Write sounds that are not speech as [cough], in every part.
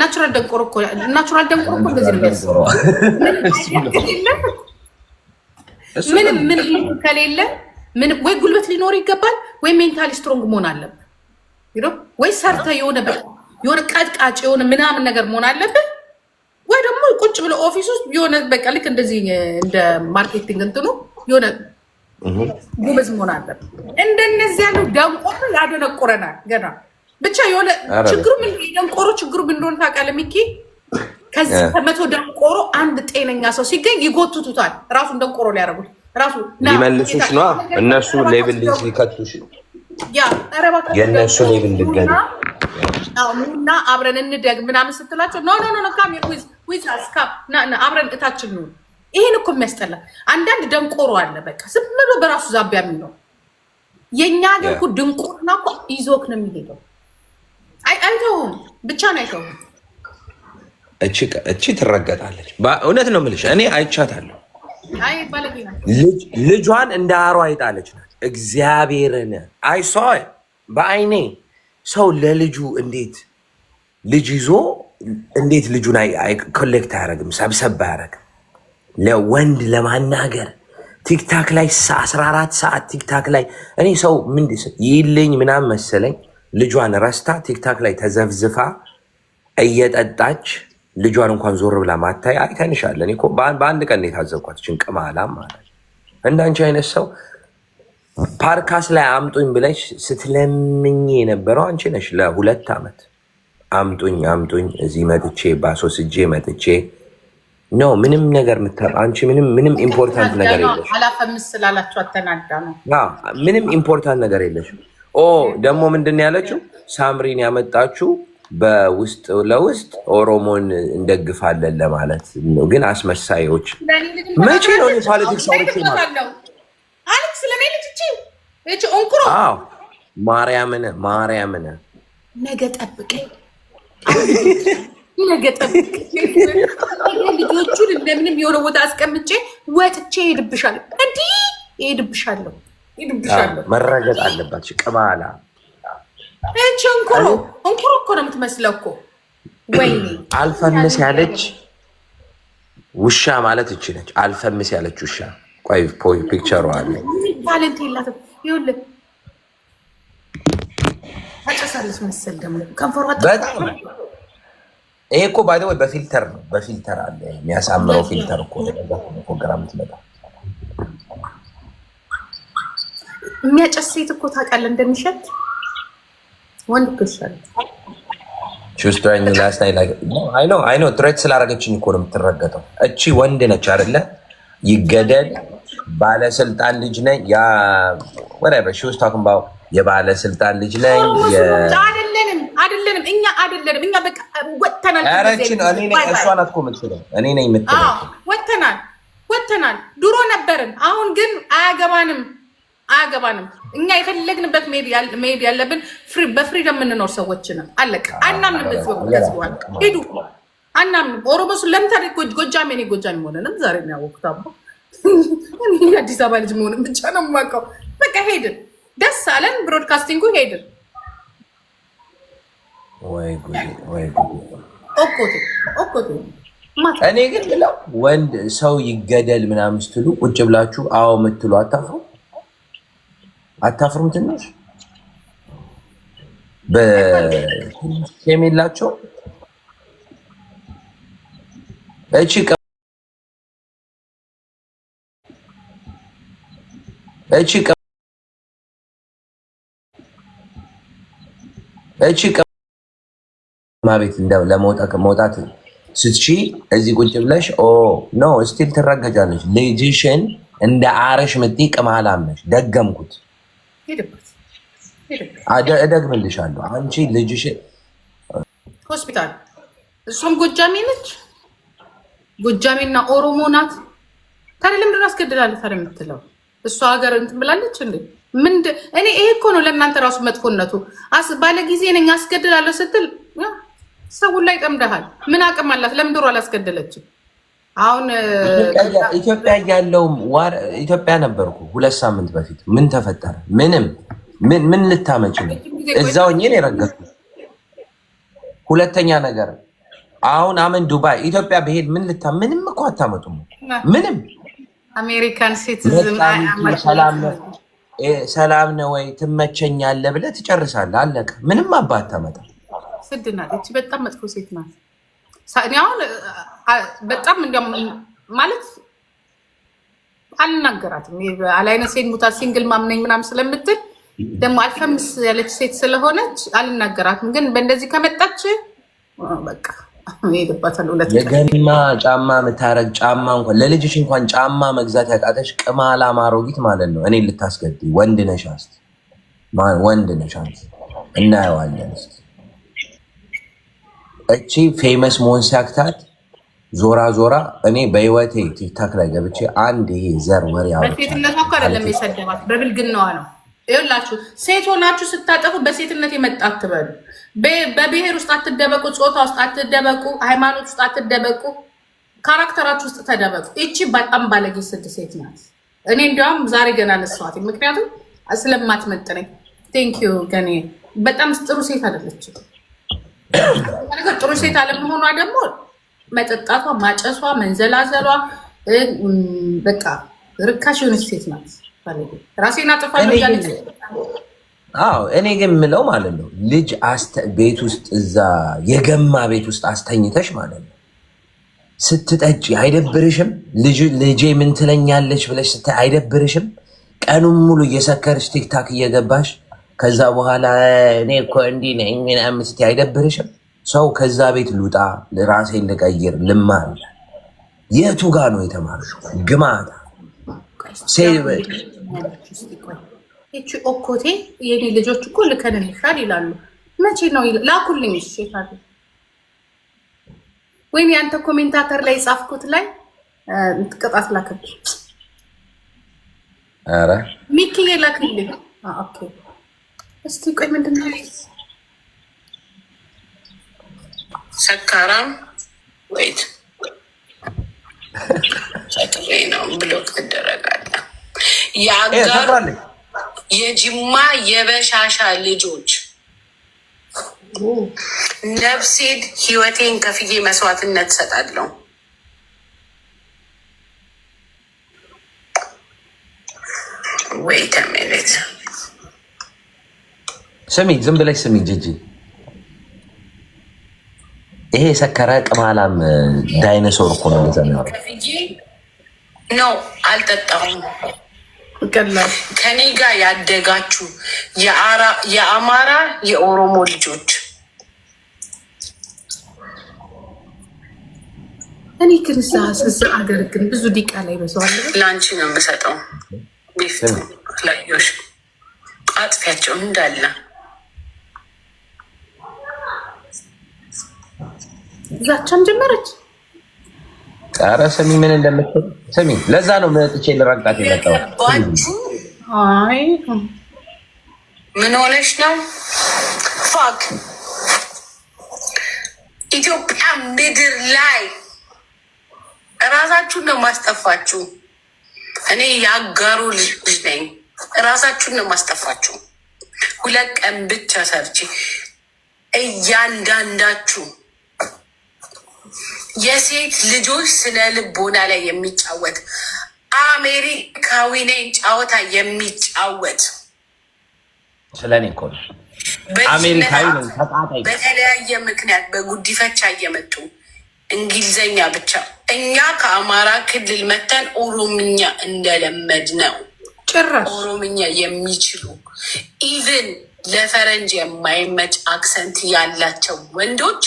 ናቹራል ደንቆሮ እኮ ናቹራል ደንቆሮ እኮ እንደዚህ ነው። ምንም ምን ከሌለ ምን ወይ ጉልበት ሊኖር ይገባል፣ ወይ ሜንታሊ ስትሮንግ መሆን አለብህ ወይ ሰርተ የሆነ የሆነ ቀጥቃጭ የሆነ ምናምን ነገር መሆን አለብህ፣ ወይ ደግሞ ቁጭ ብሎ ኦፊስ ውስጥ የሆነ በቃ ልክ እንደዚህ እንደ ማርኬቲንግ እንትኑ የሆነ ጉብዝ መሆን አለብህ። እንደነዚህ ያሉ ደንቆሮ ያደነቁረናል ገና ብቻ የሆነ ችግሩ የደንቆሮ ችግሩ ምን እንደሆነ ታውቃለህ ሚኪ? ከዚህ ከመቶ ደንቆሮ አንድ ጤነኛ ሰው ሲገኝ ይጎትቱታል። ራሱን ደንቆሮ ሊያደርጉት ራሱ ሊመልሱሽ ነዋ። እነሱ ሌብል ሊከቱሽ የእነሱ ሌብል ልገኝ ና አብረን እንደግ ምናምን ስትላቸው ኖ ኖ ኖ ካም ዊዝ አስ ካም አብረን እታችን ነው። ይሄን እኮ የሚያስጠላ አንዳንድ ደንቆሮ አለ። በቃ ዝም ብሎ በራሱ ዛቢያ የሚለው የእኛ ሀገር እኮ ድንቁርና እኮ ይዞክ ነው የሚሄደው አይተውም ብቻ ነው አይተውም። እቺ ትረገጣለች። እውነት ነው የምልሽ፣ እኔ አይቻታለሁ። ልጇን እንደ አይጣለች ናት። እግዚአብሔርን በአይኔ ሰው ለልጁ እንዴት ልጅ ይዞ እንዴት ልጁን ኮሌክት አያደርግም፣ ሰብሰብ አያደርግም። ለወንድ ለማናገር ቲክታክ ላይ ሰዓት ቲክታክ ላይ እኔ ሰው ምንድን ይልኝ ምናምን መሰለኝ ልጇን ረስታ ቲክታክ ላይ ተዘፍዝፋ እየጠጣች ልጇን እንኳን ዞር ብላ ማታይ አይተንሻለን በአንድ ቀን የታዘብኳት ችን ማለት እንዳንቺ አይነት ሰው ፓርካስ ላይ አምጡኝ ብለሽ ስትለምኝ የነበረው አንቺ ነሽ። ለሁለት ዓመት አምጡኝ አምጡኝ፣ እዚህ መጥቼ ባሶስ እጄ መጥቼ ኖ ምንም ነገር አንቺ ምንም ምንም ኢምፖርታንት ነገር የለሽ። ምንም ኢምፖርታንት ነገር የለሽ። ኦ ደግሞ ምንድን ያለችው ሳምሪን ያመጣችው በውስጥ ለውስጥ ኦሮሞን እንደግፋለን ለማለት ነው። ግን አስመሳዮች መቼ ነው ፖለቲክስ አውርቼ ማርያምን ማርያምን ነገ ጠብቀኝ፣ ነገ ጠብቀኝ። ልጆቹን እንደምንም የሆነ ቦታ አስቀምጬ ወጥቼ ይሄድብሻል፣ እንዲህ ይሄድብሻለሁ መረገጥ አለባቸው። ቅማላ እንኩሮ እንኩሮ እኮ ነው የምትመስለው እኮ ወይኔ። አልፈምስ ያለች ውሻ ማለት እች ነች። አልፈምስ ያለች ውሻ ቆይ ፖይ ፒክቸሩ አለ ታለንት የላትም። ይኸውልህ መሰል ደግሞ ከንፈሯ በጣም ይሄ እኮ ባይ ወይ በፊልተር ነው። በፊልተር አለ የሚያሳምረው ፊልተር እኮ ግራም ትመጣ የሚያጨስ ሴት እኮ ታውቃለህ እንደሚሸት ወንድ እኮ ይሻላል። ኖ ትሬት ስላደረገችኝ እኮ ነው የምትረገጠው። እቺ ወንድ ነች አይደለ? ይገደል ባለስልጣን ልጅ ነኝ የባለስልጣን ልጅ ነኝ። አይደለንም አይደለንም፣ እኛ አይደለንም። እኛ በቃ ወጥተናል። እሷ ናት እኮ የምትለው እኔ ነኝ የምትለው። ወጥተናል ወጥተናል። ድሮ ነበርን፣ አሁን ግን አያገባንም አያገባንም። እኛ የፈለግንበት መሄድ ያለብን በፍሪደም የምንኖር ሰዎችንም አለቅ አናምን ህዝበዋል ሄዱ አናምንም። ኦሮሞሱ ለምን ታዲያ ጎጃሜ እኔ ጎጃሜ መሆንንም ዛሬ ነው ያወቅሁት። አቦ የአዲስ አበባ ልጅ መሆንም ብቻ ነው የማውቀው። በቃ ሄድን፣ ደስ አለን። ብሮድካስቲንጉ ሄድን እኔ ግን ብለው ወንድ ሰው ይገደል ምናምን ስትሉ ቁጭ ብላችሁ አዎ የምትሉ አታፍሩ አታፍሩም? ትንሽ የላቸው እቺ እቺ እቺ ማቤት ለመውጣት ስትሺ እዚህ ቁጭ ብለሽ ኦ ኖ ስቲል ትረገጫለች። ልጅሽን እንደ አረሽ ምትይ ቅማላም ነሽ። ደገምኩት። ሄድበት እደግምልሻለሁ። አንቺ ልጅሽ ሆስፒታል፣ እሷም ጎጃሜ ነች። ጎጃሜና ኦሮሞ ናት። ታዲያ ለምንድን አስገድላለሁ ታዲያ የምትለው እሷ ሀገር እንትን ብላለች እንዴ? ምንድ እኔ ይሄ እኮ ነው ለእናንተ ራሱ መጥፎነቱ። ባለ ጊዜ ነኝ አስገድላለሁ ስትል ሰውን ላይ ጠምደሃል። ምን አቅም አላት? ለምድሮ አላስገደለችም? አሁን ኢትዮጵያ እያለሁም ኢትዮጵያ ነበርኩ ሁለት ሳምንት በፊት ምን ተፈጠረ? ምንም ምን ምን ልታመጭ ነው? እዛው እኔን ሁለተኛ ነገር አሁን አምን ዱባይ ኢትዮጵያ ብሄድ ምን ልታ ምንም እኮ አታመጡም። ምንም አሜሪካን ሲቲዝን ሰላም ነው ወይ አለቀ። ምንም አባ አታመጣም። ስድ በጣም መጥፎ ሴት ናት። በጣም ማለት አልናገራትም። ሴት ሙታ ሲንግል ማምነኝ ምናምን ስለምትል ደግሞ አልፈምስ ያለች ሴት ስለሆነች አልናገራትም። ግን በእንደዚህ ከመጣች በቃ የገና ጫማ የምታረግ ጫማ እንኳን ለልጅሽ እንኳን ጫማ መግዛት ያቃተች ቅማላ ማሮጊት ማለት ነው። እኔ ልታስገድ ወንድ ነሽ አስት ወንድ ነሽ አስት እናየዋለን። እቺ ፌመስ መሆን ሲያክታት ዞራ ዞራ እኔ በህይወቴ ቲክታክ ላይ ገብቼ አንድ ይሄ ዘር ወሬ በሴትነቷ እኮ አይደለም የሰደባት በብልግናዋ ነው። ይኸውላችሁ ሴት ሆናችሁ ስታጠፉ በሴትነት የመጣ አትበሉ። በብሔር ውስጥ አትደበቁ፣ ፆታ ውስጥ አትደበቁ፣ ሃይማኖት ውስጥ አትደበቁ፣ ካራክተራችሁ ውስጥ ተደበቁ። ይቺ በጣም ባለጌ ስድ ሴት ናት። እኔ እንዲያውም ዛሬ ገና ነሳኋት፣ ምክንያቱም ስለማትመጥነኝ። ቴንክ ዩ ገኔ በጣም ጥሩ ሴት አይደለችም። [clears throat] ጥሩ ሴት አለመሆኗ ደግሞ መጠጣቷ፣ ማጨሷ፣ መንዘላዘሏ በቃ ርካሽ የሆነች ሴት ናት። ራሴና ጥፋ እኔ ግን የምለው ማለት ነው ልጅ ቤት ውስጥ እዛ የገማ ቤት ውስጥ አስተኝተሽ ማለት ነው ስትጠጪ አይደብርሽም? ልጄ ምን ትለኛለች ብለሽ ስታይ አይደብርሽም? ቀኑን ሙሉ እየሰከርሽ ቲክታክ እየገባሽ ከዛ በኋላ እኔ እኮ እንዲህ ነኝ ምናምን ስትይ አይደብርሽም? ሰው ከዛ ቤት ልውጣ፣ ራሴን ልቀይር፣ ልማር። የቱ ጋ ነው የተማርሽው? ግማታ ይቺ ኦኮቴ የኔ ልጆች እኮ ልከንልሻል ይላሉ። መቼ ነው ላኩልኝ? ወይም ያንተ ኮሜንታተር ላይ የጻፍኩት ላይ ምትቀጣት ላክልኝ። ኧረ ሚኪዬ ላክልኝ። እስቲ ቆይ ምንድን ነው ሰካራም ወይት ጨቅሬ ነው ብሎክ ትደረጋለህ። የአጋር የጅማ የበሻሻ ልጆች ነፍሴን ህይወቴን ከፍዬ መስዋዕትነት ሰጣለሁ። ወይ ሚኒት ስሚ፣ ዝም ብለሽ ስሚ ጂጂ ይሄ የሰከረ ቅማላም ዳይኖሶር እኮ ነው። ዘመ ነው አልጠጣሁም። ከኔ ጋር ያደጋችሁ የአማራ የኦሮሞ ልጆች እኔ ክንሳ ስዝ አገር ግን ብዙ ዲቃ ላይ በሰዋለ ለአንቺ ነው የምሰጠው ቤፍት ላዮሽ አጥፊያቸው እንዳለ ዛቻም ጀመረች። ኧረ ስሚ ምን እንደምትል ስሚ። ለዛ ነው መጥቼ ልረግጣት የመጣሁት። አይ ምን ሆነሽ ነው? ፋክ ኢትዮጵያ ምድር ላይ እራሳችሁን ነው ማስጠፋችሁ። እኔ ያጋሩ ልጅ ነኝ። እራሳችሁን ነው ማስጠፋችሁ። ሁለት ቀን ብቻ ሰርቼ እያንዳንዳችሁ የሴት ልጆች ስነ ልቦና ላይ የሚጫወት አሜሪካዊ ነኝ ጫወታ የሚጫወት ስለኔ እኮ በተለያየ ምክንያት በጉዲፈቻ እየመጡ እንግሊዘኛ ብቻ እኛ ከአማራ ክልል መተን ኦሮምኛ እንደለመድ ነው ጭራሽ ኦሮምኛ የሚችሉ ኢቭን ለፈረንጅ የማይመች አክሰንት ያላቸው ወንዶች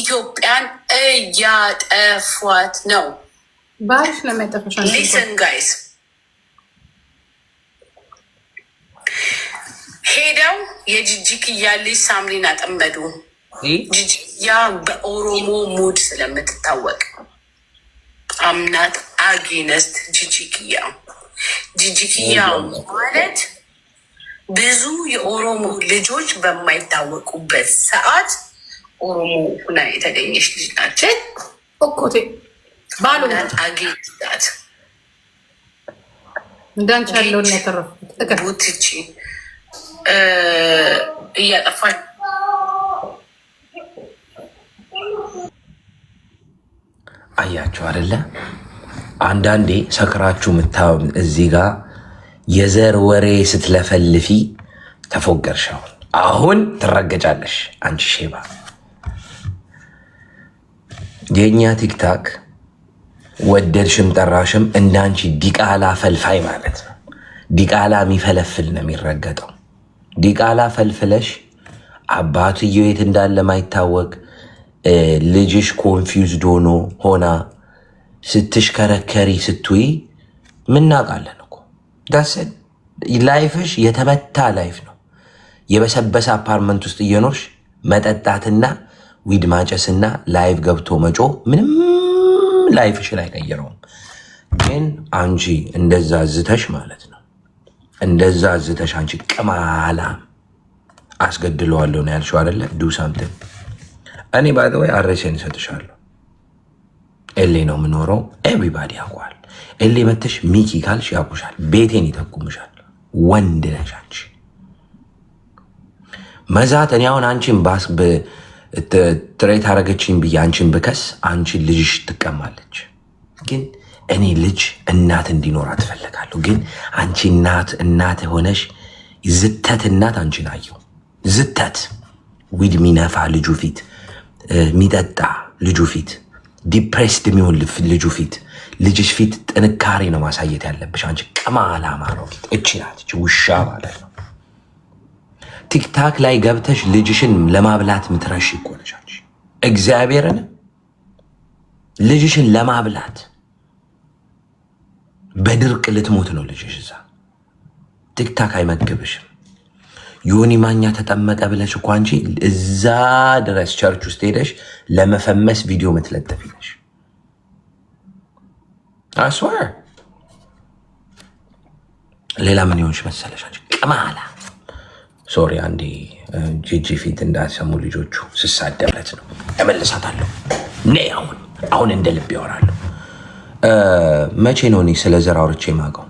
ኢትዮጵያን እያጠፏት ነው። ባሪፍ ነው የሚያጠፋሽ። ሊስን ጋይስ ሄደው የጂጂክያ ልጅ ሳምሪን አጠመዱ። ጂጂክያ በኦሮሞ ሙድ ስለምትታወቅ አምናት አጌነስት ጂጂክያ ጂጂክያ ማለት ብዙ የኦሮሞ ልጆች በማይታወቁበት ሰዓት ኦሮሞ ሁና የተገኘች ልጅ ናችን እኮቴ ባሉናት አጌዳት እንዳንቺ ያለውን ያተረፉት እቺ እያጠፋች አያችሁ አይደለ? አንዳንዴ ሰክራችሁ ምታ እዚህ ጋ የዘር ወሬ ስትለፈልፊ ተፎገርሻውን አሁን ትረገጫለሽ አንቺ ሼባ የእኛ ቲክታክ ወደድሽም ጠራሽም እንዳንቺ ዲቃላ ፈልፋይ ማለት ነው። ዲቃላ የሚፈለፍል ነው የሚረገጠው። ፈልፍለሽ አባትየው የት እንዳለ ማይታወቅ ልጅሽ ኮንፊውዝድ ሆኖ ሆና ስትሽከረከሪ ስትይ ምናውቃለን እኮ ዳስ ላይፍሽ የተመታ ላይፍ ነው። የበሰበሰ አፓርትመንት ውስጥ እየኖርሽ መጠጣትና ዊድ ማጨስና ላይቭ ገብቶ መጮ ምንም ላይፍሽን አይቀይረውም። ግን አንቺ እንደዛ ዝተሽ ማለት ነው እንደዛ ዝተሽ አንቺ ቅማላ አስገድለዋለሁ ነው ያልሽው አይደለ? ዱ ሳምትን እኔ ባይዘወይ አድሬሴን እሰጥሻለሁ። ኤሌ ነው የምኖረው። ኤቭሪባዲ ያውቋል። ኤሌ መተሽ ሚኪ ካልሽ ያውቁሻል። ቤቴን ይጠቁምሻል። ወንድ ነሽ አንቺ መዛት እኔ አሁን አንቺን ትሬት አረገችኝ ብዬ አንቺን ብከስ አንቺ ልጅሽ ትቀማለች። ግን እኔ ልጅ እናት እንዲኖራ እፈልጋለሁ። ግን አንቺ እናት እናት የሆነሽ ዝተት እናት አንቺን አየሁ ዝተት ዊድ ሚነፋ ልጁ ፊት ሚጠጣ ልጁ ፊት ዲፕሬስድ የሚሆን ልጁ ፊት ልጅሽ ፊት ጥንካሬ ነው ማሳየት ያለብሽ። አንቺ ቀማ አላማ ነው ፊት እቺ ናት ውሻ ማለት ነው። ቲክታክ ላይ ገብተሽ ልጅሽን ለማብላት ምትረሽ ይኮነሻች እግዚአብሔርን ልጅሽን ለማብላት በድርቅ ልትሞት ነው ልጅሽ። እዛ ቲክታክ አይመግብሽም። ዮኒ ማኛ ተጠመቀ ብለሽ እኮ አንቺ እዛ ድረስ ቸርች ውስጥ ሄደሽ ለመፈመስ ቪዲዮ ምትለጥፊ ነሽ። አስዋር ሌላ ምን ይሆንሽ መሰለሽ አንቺ ቅማላ ሶሪ አንዴ ጂጂ ፊት እንዳሰሙ ልጆቹ ስሳደበት ነው። እመልሳታለሁ። ነ አሁን አሁን እንደ ልብ ያወራለሁ። መቼ ነው እኔ ስለ ዘር አውርቼ የማውቀው?